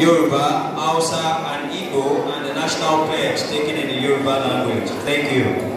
Yoruba, Hausa, and Igbo, and the national pledge taken in the Yoruba language. Thank you.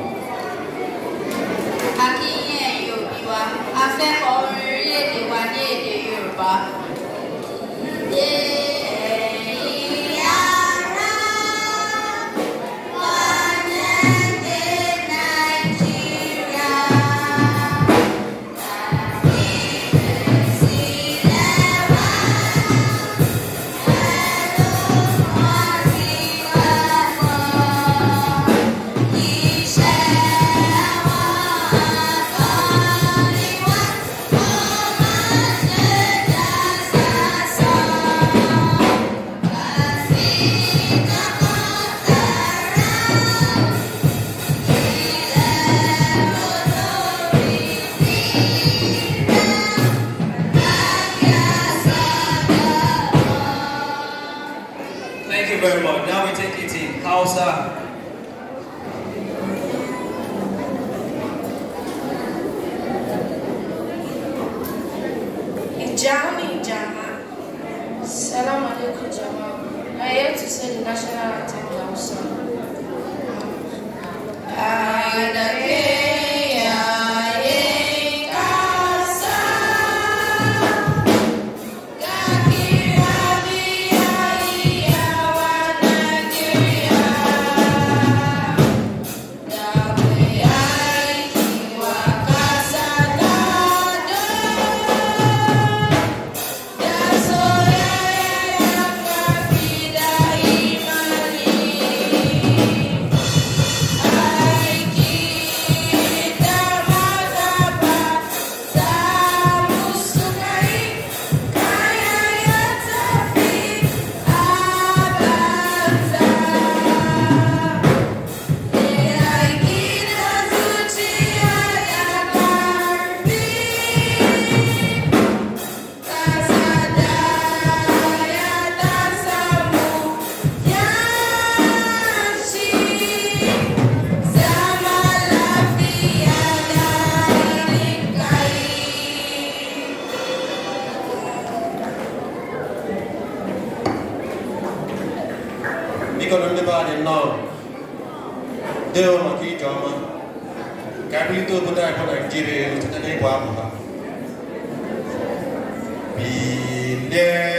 you very much. Now we take it in Hausa. Ijami Jama. Salam alaikum Jama. I am here to say the national anthem Hausa. divided long. Deo ma ki jama. Kabi to buda ko na eu to ne kwa mu ba. Bi le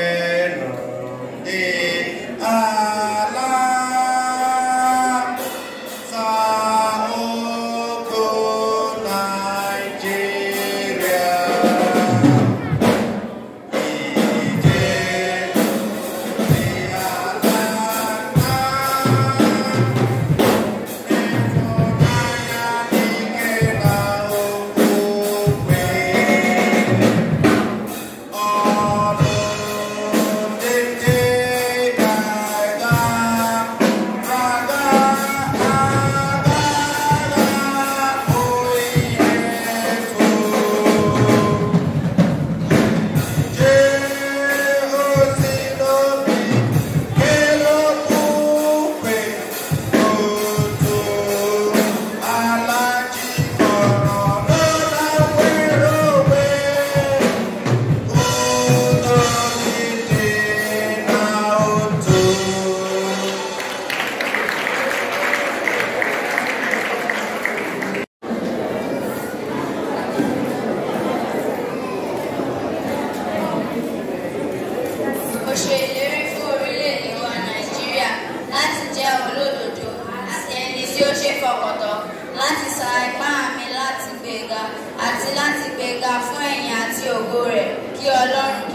everything. àti láti gbéga fún ẹ̀yìn àti ògo rẹ̀ kí Ọlọ́run